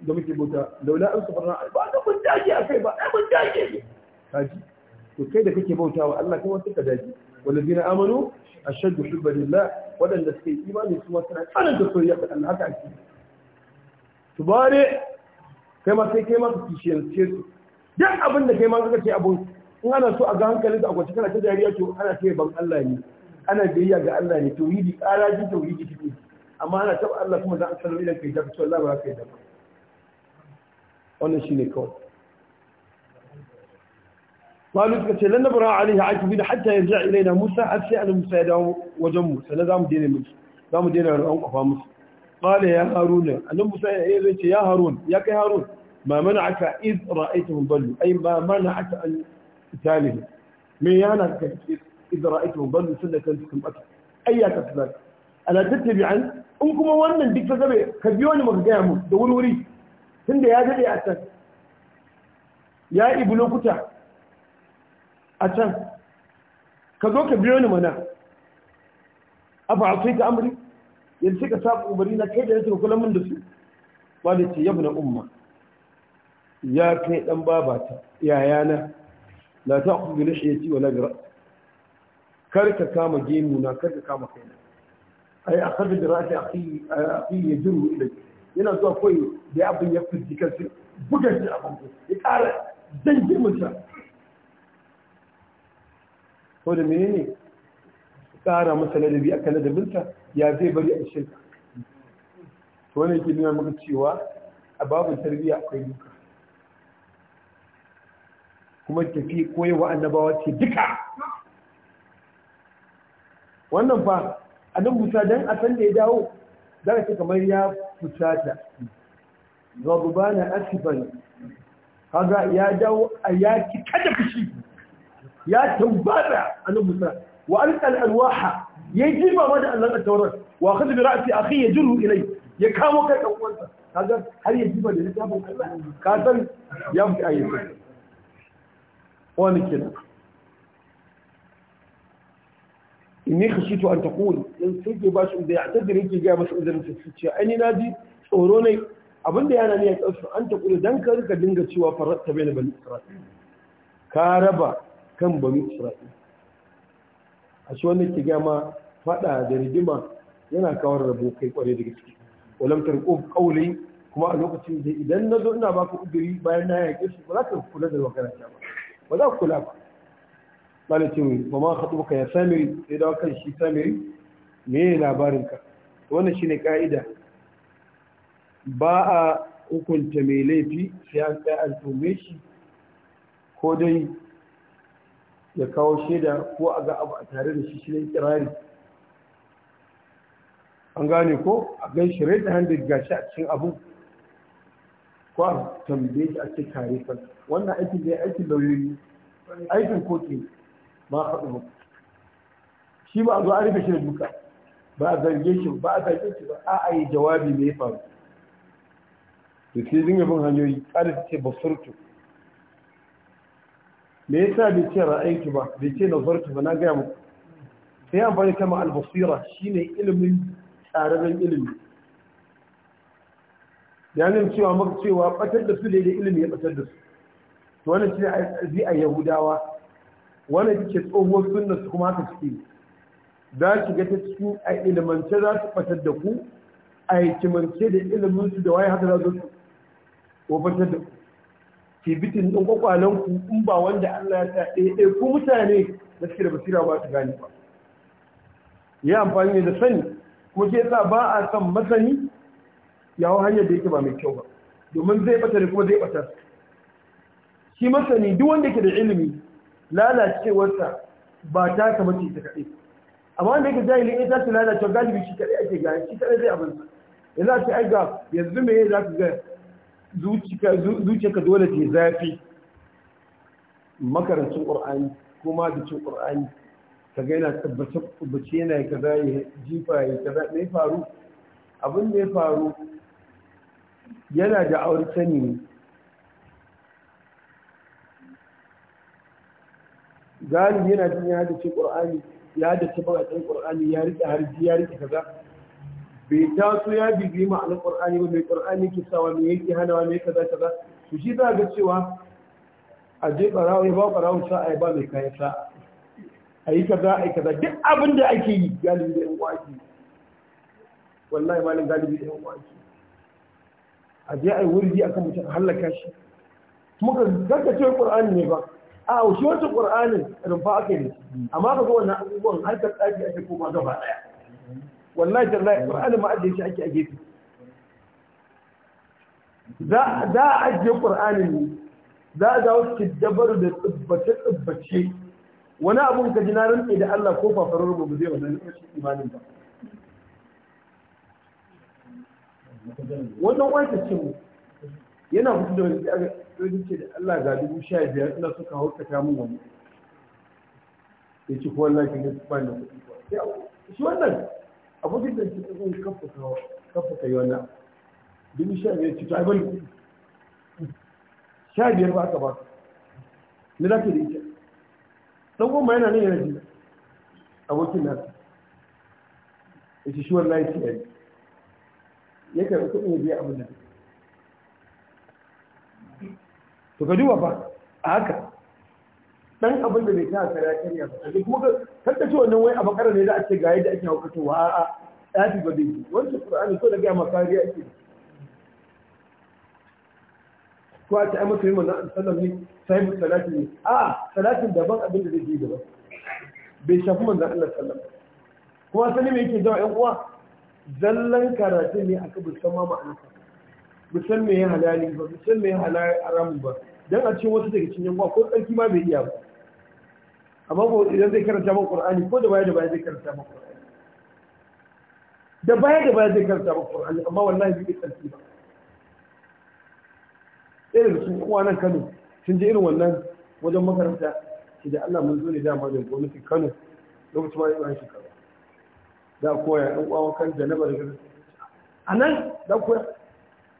da muke bauta laula an sabana ba da mun dage kai ba ai mun dage kaji to kai da kake bautawa Allah kuma suka dage walladina amanu ashaddu hubban lillah wadanda suke imani su suna tsananta soyayya ga Allah haka ake bare, kai ma sai kai ma kishiyar ce su duk abin da kai ma kaka ce abun in ana so a ga hankalin da akwace kana ta dariya to ana ce ban Allah ne ana biyayya ga Allah ne ji to yidi kike amma ana taba Allah kuma za a sanar idan kai da to Allah ba ka yi da wannan shine kawai قالوا تكتي لن نبرأ عليها عاكفين حتى يرجع إلينا موسى أفسي أنا موسى يدعو وجم موسى لا دام دينا موسى دام دينا رأوك أفا موسى قال يا هارون أن موسى يا هارون يا كي هارون ما منعك إذ رأيتهم ضلوا أي ما منعك أن تالهم من يانك إذ رأيتهم ضلوا سنة كنتكم أكثر أي كتبات ألا تتبع عن أنكم وانا ديك فزبي كبيوني مخجامه دول وري تندي هذا لي أسان يا ابن كتاب a can ka zo ka biyo ni mana a ba a sai ta amri yanzu suka ka sa ubari na kai da suka kula min da su ba da ce yabu na umma ya kai dan babata na Na ta ku bi ya ci bi ra'si kar ka kama gemu na kar ka kama kaina ai akhadha bi ra'si akhi ya yajru ilayka yana zuwa koyi da abin ya fi jikarsu buga shi a bango ya ƙara zan girmansa ko da ne tsara masa ladabi a kan ladabinta ya zai bari a shirka to wani yake nuna maka cewa a babu tarbiyya akwai duka kuma tafi wa annabawa ce duka wannan fa nan Musa don a san da ya dawo za ka ce kamar ya ta. fusata na asifan kaga ya dawo a yaki kada fushi ya tambada annabi musa wa alqa alwaha ya jiba ma da Allah taurat wa akhadha bi ra'si akhi yajru ilay ya kamo kai dan uwansa kaga har ya jiba da littafin Allah ka san ya fi ayyuka wani kenan inni khashitu an taqul dan sai ke bashi da ya tadiri yake ga masa uzurin sa ce ai ni naji tsoro ne abinda yana ne ya tsoro an taqul dan ka rika dinga cewa farata baina bani isra'il ka raba kan bari isra'ila a shi wannan ke gama fada da rigima yana kawar da kai kware da gaske walamtar tarqu kuma a lokacin da idan na zo ina baka ubiri bayan na yaƙe shi ba za ka kula da makaranta ba ba za ka kula ba malatin ba ma ka ya samiri sai da kan shi samiri me labarin ka wannan shine ƙa'ida ba a hukunta mai laifi sai an tsaye an tume shi ko dai ya kawo shaida ko a ga abu a tare da shi shirin kirari an gane ko a gan da hannun handed gashi a cikin abu ko a tambaye shi a cikin kan wannan aikin da aikin lauyoyi aikin kotu ma haɗu ba. shi ba a zo an rufe shi da duka ba a zarge shi ba a zarge shi ba a yi jawabi mai faru da sai dinga bin hanyoyi ƙarfi ce furtu. me yasa bai ce ra'ayinki ba bai ce nazartu ba na ga mu sai amfani kama al-basira shine ilimin tsararren ilimi ya nan cewa maka cewa batar da su da ilimi ya batar da su to wannan shi zai a yahudawa wannan ke tsohuwar sunna su kuma haka suke za ki ga ta cikin a ilimance za su batar da ku a hikimance da ilimin su da waye haka za su ko batar da ku ke bitin ɗin kwakwalanku in ba wanda Allah ya sa ɗaya ku mutane da suke da basira ba su gane ba ya amfani da sani kuma ke sa ba a san masani ya hanyar da yake ba mai kyau ba domin zai bata da kuma zai bata shi masani duk wanda ke da ilimi lalacewarsa ba ta kama ce ta kaɗe. amma wanda yake jahilin ya tashi lalacewa galibi shi kaɗe ake gani shi kaɗe zai abinsa yanzu a ce ai ga yanzu me za ku gaya. zuciyarka dole ta zafi makarantun ƙur'ani ko cin ƙur'ani ka ga yana tabbace yana kaza ya jifa ya kaza ne faru abin da ya faru yana da aure sani ne galibi yana jin ya cin ƙur'ani ya da cin ƙur'ani ya riƙe harji ya riƙe kaza bai taso ya bibi ma'anar qur'ani ba mai qur'ani ke sawa mai yake hanawa mai kaza kaza to shi za ga cewa a je barawo ya ba barawo sa'a ya ba mai kayan sa a yi kaza a yi kaza duk abin da ake yi galibi da yan uwaki wallahi malin galibi da yan uwaki a je a yi wurdi akan mutum hallaka shi muka zaka ce qur'ani ne ba a shi wancan qur'anin rumfa ake ne amma ka ga wannan abubuwan harkar tsaki ake koma gaba daya wallahi tallahi qur'ani ma ajiye shi ake a gefe za za ajiye qur'anin ne za a dawo ki da tsibbace tsibbace wani abun ka ji na rantsi da Allah ko fafarar ba zai wannan rashin imanin ba wannan wata ce mu yana fito da wani tsarin ce da Allah ga dubu sha biyar suna suka haukata min wani ya ci kowa lafi ne su bani kuɗi shi wannan abu duk da cikin kafa kai wannan dubu sha biyar ci ta bari sha biyar ba aka ba ni za ka da ita dan goma yana nan yana ji abokin nasa ya ci shi wallahi ci ɗari ya karɓi kuɗin ya biya abin da to ka duba ba a haka dan abin da bai ta kare kariya ba sai kuma kada ce wannan wai a bakara ne da ake ga yadda ake hukuntawa a'a ɗafi ba dai wancan qur'ani so da ga makariya ake ko a ta amma masa yin wannan sallan ne sahibu salati ne a'a salatin daban abin da zai yi gaba bai shafi manzon Allah sallallahu alaihi kuma sani me yake jawo ƴan uwa zallan karatu ne aka bisan ma ma'anarsa bisan me ya halali ba bisan me ya halali haramun ba dan a cikin wasu daga cikin yan uwa ko tsarki ma bai iya ba amma ba idan zai karanta maka qur'ani ko da baya da baya zai karanta maka qur'ani da baya da baya zai karanta maka qur'ani amma wallahi zai karanta ba ɗaya da cikin kuma nan Kano sun je irin wannan wajen makaranta shi da Allah mun zo ne dama da gwamnati Kano lokacin ma ina shekara za a koya ɗan uwa kan da na gari a nan za koya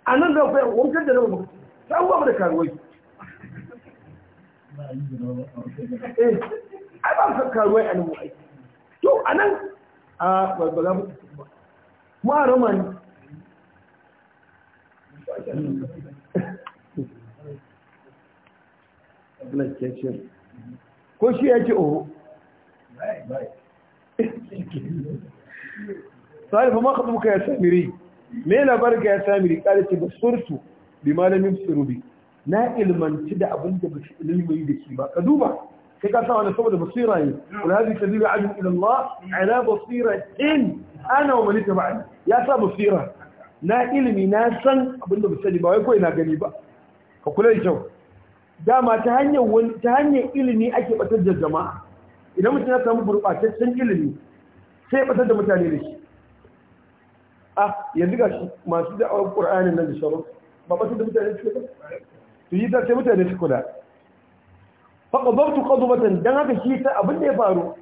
a nan za koya wankan na ba ta uwa da karuwai ai ba mu san karuwai a nan mu aiki to a nan a ba za mu ba mu a roma ko shi ya ce oho sai fa ma ka buka ya samiri me labarin ka ya samiri kare ce ba surtu bi malamin surubi na ilmanci da abin da ba shi ilmi da shi ba ka duba sai ka sa wani saboda basira ne wani hadi ta zira ajin ila Allah ala basira in ana wa malika ba'ani ya sa basira na ilimi na san abin da ba wai kawai na gani ba ka kula da kyau dama ta hanyar ta hanyar ilimi ake batar da jama'a idan mutum ya samu gurɓataccen ilimi sai ya batar da mutane da shi ah yanzu ga masu da mutane su ba sai mutane faƙabartu ƙazubatan don haka shi ta abin da ya faru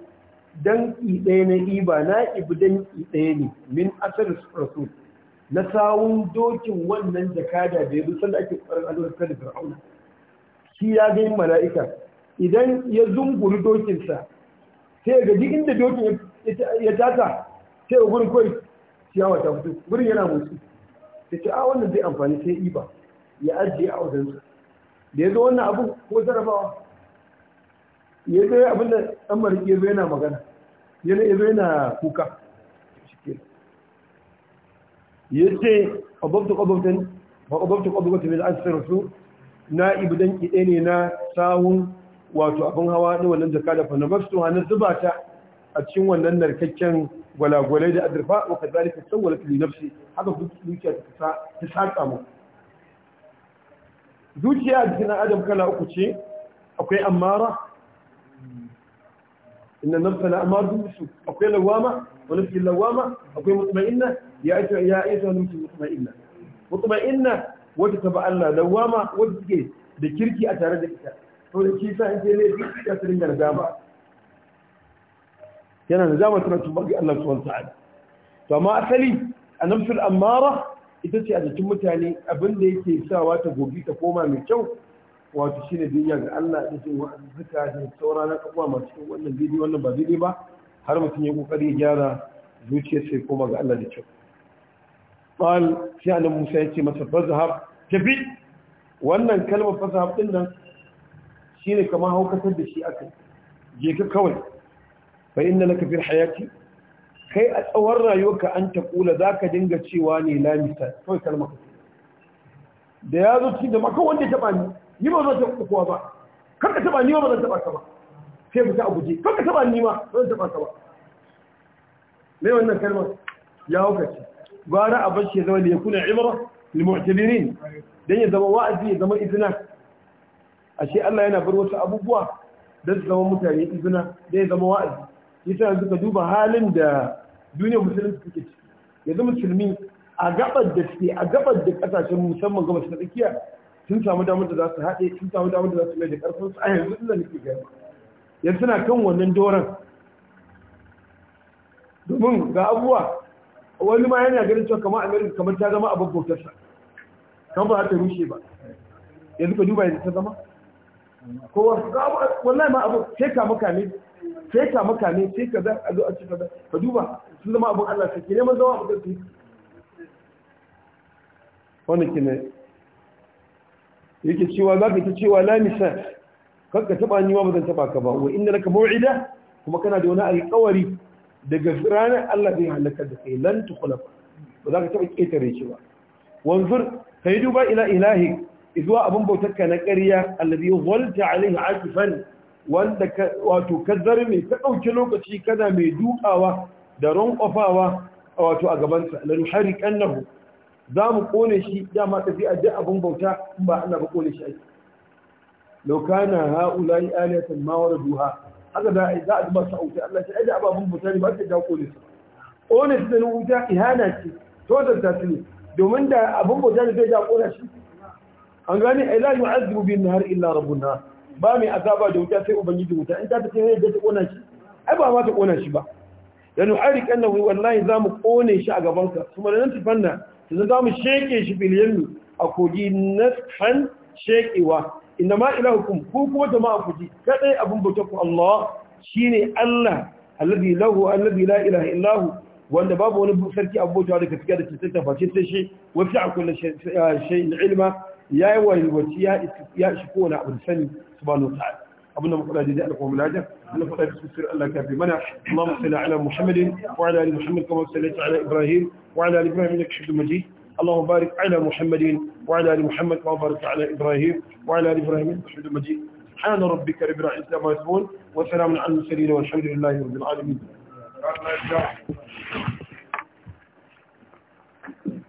don ɗaya na iba na ibi don ɗaya ne min asar rasul na sawun dokin wannan jakada da ya da ake ƙwarar alwarkar da fir'auna shi ya ga mala'ika idan ya zunguri dokinsa sai ga duk inda dokin ya tata sai ga gurin kawai ciyawa ta fito gurin yana motsi ta ce a wannan zai amfani sai iba ya ajiye a wajensa da ya zo wannan abu ko zarafawa ya ga abin da ɗan mariki ya zai yana magana ya zai yana kuka ya ce ƙwababta ƙwababtan ƙwababta ƙwababtan mai asirar su na ibudan kiɗe ne na sawun wato abin hawa na wannan jaka da fana mafi tuhana zuba ta a cikin wannan narkakken gwalagwalai da adirfa wa ka zalika san wani fili nafsi haka zuciya ta saƙa mu zuciya a jikin adam kala uku ce akwai amara inna nafsa la amadun bisu akwai lawama wa nafsi lawama akwai mutma'inna ya aita ya aita nafsi mutma'inna mutma'inna wata taba Allah lawama wata take da kirki a tare da ita to da shi sa in sai laifi ta tsirin gargama yana da zama tana tuba ga Allah subhanahu wa ta'ala to amma asali a nafsul amara ita ce a jikin mutane abin da yake sawa ta gogi ta koma mai kyau wato shi ne duniya ga Allah da jin wa'azzuka da saura na kabuwa masu cikin wannan bidiyo wannan ba daidai ba har mutum ya kokari ya gyara zuciyar sai koma ga Allah da kyau qal sai annabi Musa ya ce masa fazhab tabi wannan kalmar fazhab din nan shine kamar haukatar da shi akai je ka kawai fa inna laka fil hayati kai a tsawon rayuwarka an ta kula za ka dinga cewa ne la misal kawai kalmar da ya zo ci da maka wanda ta bani ni ba zan taɓa kowa ba kar ka taɓa ni ba zan taɓa ka ba sai mu a guje kar ka taɓa ni ma zan taɓa ka ba me wannan kalmar ya hukace gwara a bashi shi zama da ya kuna imra limu'tabirin dan ya zama wa'azi ya zama izina ashe Allah yana bar wasu abubuwa don su zama mutane izina Dan ya zama wa'azi yasa yanzu ka duba halin da duniyar musulunci suke ciki yanzu musulmi a gabar da suke a gabar da kasashen musamman gabas ta tsakiya sun samu damar da za su haɗe sun samu damar da za su mai da ƙarfin su a yanzu inda nake gani yanzu suna kan wannan doron domin ga abubuwa wani ma yana ganin cewa kamar america kamar ta zama abin bautarsa kan ba ta rushe ba yanzu ka duba yanzu ta zama kowa wallahi ma abu sai ka maka ne sai ka maka ne sai ka za a zo a ci kaza ka duba sun zama abin allah sai ke neman zama abin da su wannan kine yake cewa za ka ta cewa lamisa kan ka taba ni ma bazan taba ka ba wa ka laka mau'ida kuma kana da wani alƙawari daga ranar Allah zai halakar da kai lan tukhlafa ba za ka taba ketare shi ba wanzur kai duba ila ilahi izuwa abin bautarka na ƙarya alladhi walta alaihi akifan wanda ka wato ka zarme ka dauki lokaci kana mai dukawa da ronkofawa wato a gaban sa lanuhariqannahu za mu kone shi dama tafi a duk abin bauta in ba Allah ba kone shi ake laukana ha'ula yi aliyatan mawar duha haka za a yi za a zuba su a wuta Allah shi aida ababun bauta ne ba ta da kone su kone su da na wuta ihana ce tozar ta su ne domin da abin bauta ne zai da kona shi an gane ai la yu'azzibu bin nahar illa rabbuna ba mai azaba da wuta sai ubangiji wuta in ta tafi kai da ta kona shi ai ba ma ta kona shi ba da nuharik annahu wallahi za mu kone shi a gaban ka kuma da nan tufanna yanzu za mu sheke shi biliyallu a kogi na kan shekewa inda ma ila ilahukum ko kuma jama'a ku ji kadai abin bauta ku Allah shine Allah alladhi lahu alladhi la ilaha illahu wanda babu wani sarki abota da gaskiya da tantance face sai shi wasi a kullu shay'in ilma yayi wa ya ya shi ko wani abu sani subhanahu wa ta'ala abinda mu kula da alƙawmin lafiya أن فقد تسير الله كافي منع اللهم صل على محمد وعلى آل محمد كما صليت على إبراهيم وعلى آل إبراهيم إنك حميد مجيد اللهم بارك على محمد وعلى آل محمد كما باركت على إبراهيم وعلى آل إبراهيم إنك حميد مجيد سبحان ربك رب العزة عما يصفون وسلام على المرسلين والحمد لله رب العالمين